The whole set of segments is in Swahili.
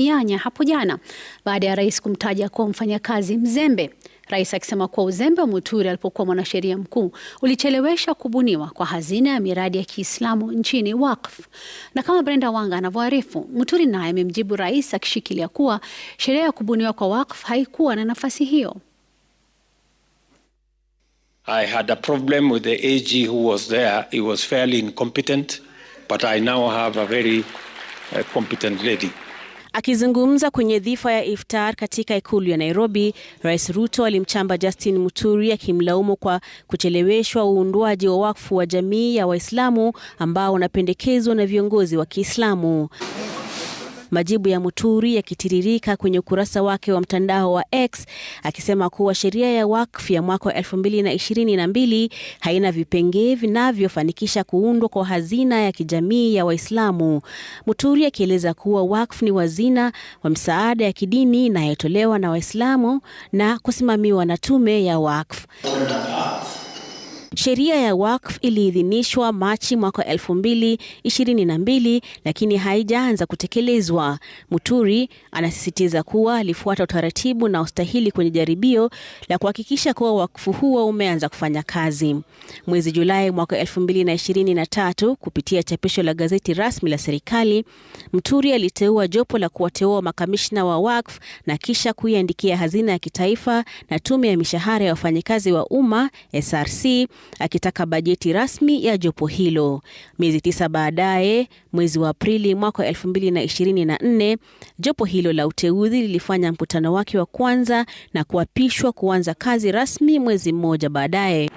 Nyanya hapo jana baada ya rais kumtaja kuwa mfanyakazi mzembe, rais akisema kuwa uzembe wa Muturi alipokuwa mwanasheria mkuu ulichelewesha kubuniwa kwa hazina ya miradi ya Kiislamu nchini Waqf. Na kama Brenda Wanga anavyoarifu, Muturi naye amemjibu rais akishikilia kuwa sheria ya kubuniwa kwa Waqf haikuwa na nafasi hiyo. I had a problem with the AG who was there. He was fairly incompetent, but I now have a very uh, competent lady. Akizungumza kwenye dhifa ya iftar katika ikulu ya Nairobi, Rais Ruto alimchamba Justin Muturi akimlaumu kwa kucheleweshwa uundwaji wa wakfu wa jamii ya Waislamu ambao unapendekezwa na viongozi wa Kiislamu majibu ya Muturi yakitiririka kwenye ukurasa wake wa mtandao wa X akisema kuwa sheria ya wakfu ya mwaka 2022 haina vipengee vinavyofanikisha kuundwa kwa hazina ya kijamii ya Waislamu. Muturi akieleza kuwa wakfu ni wazina wa msaada ya kidini inayotolewa na Waislamu na kusimamiwa na tume ya wakfu. Sheria ya Wakf iliidhinishwa Machi mwaka 2022 lakini haijaanza kutekelezwa. Muturi anasisitiza kuwa alifuata utaratibu na ustahili kwenye jaribio la kuhakikisha kuwa wakfu huo umeanza kufanya kazi. Mwezi Julai mwaka 2023, kupitia chapisho la gazeti rasmi la serikali, Muturi aliteua jopo la kuwateua makamishna wa Wakf na kisha kuiandikia hazina ya kitaifa na tume ya mishahara ya wafanyikazi wa umma SRC akitaka bajeti rasmi ya jopo hilo. Miezi tisa baadaye, mwezi wa Aprili mwaka 2024, jopo hilo la uteuzi lilifanya mkutano wake wa kwanza na kuapishwa kuanza kazi rasmi mwezi mmoja baadaye.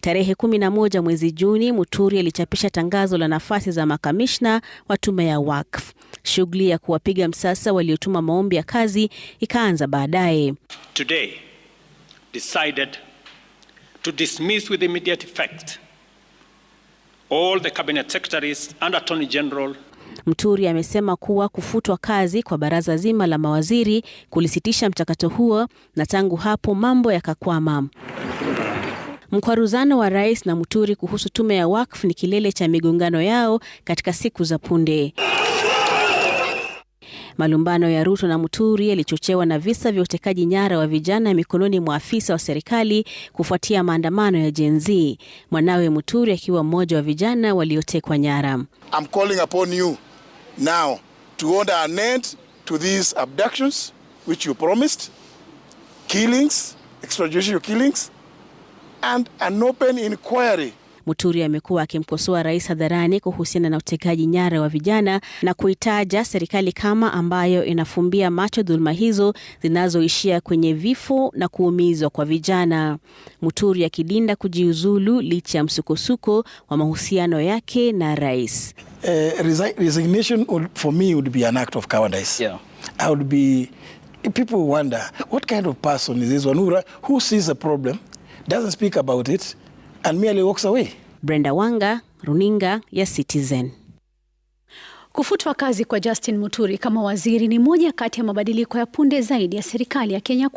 Tarehe 11 mwezi Juni, Muturi alichapisha tangazo la nafasi za makamishna wa tume ya WAKF. Shughuli ya kuwapiga msasa waliotuma maombi ya kazi ikaanza baadaye. Today decided to dismiss with immediate effect all the cabinet secretaries and attorney general. Mturi amesema kuwa kufutwa kazi kwa baraza zima la mawaziri kulisitisha mchakato huo na tangu hapo mambo yakakwama. Mkwaruzano wa rais na mturi kuhusu tume ya wakfu ni kilele cha migongano yao katika siku za punde. Malumbano ya Ruto na Muturi yalichochewa na visa vya utekaji nyara wa vijana mikononi mwa afisa wa serikali kufuatia maandamano ya Gen Z, mwanawe Muturi akiwa mmoja wa vijana waliotekwa nyara. I'm calling upon you now to order an end to these abductions which you promised, killings, extrajudicial killings and an open inquiry Muturi amekuwa akimkosoa rais hadharani kuhusiana na utekaji nyara wa vijana na kuitaja serikali kama ambayo inafumbia macho dhuluma hizo zinazoishia kwenye vifo na kuumizwa kwa vijana. Muturi akidinda kujiuzulu licha ya msukosuko wa mahusiano yake na rais. Uh, resignation would, for me would be an act of cowardice. Yeah. I would be people wonder what kind of person is this one who, who sees a problem doesn't speak about it and merely walks away. Brenda Wanga, Runinga ya Citizen. Kufutwa kazi kwa Justin Muturi kama waziri ni moja kati ya mabadiliko ya punde zaidi ya serikali ya Kenya kwa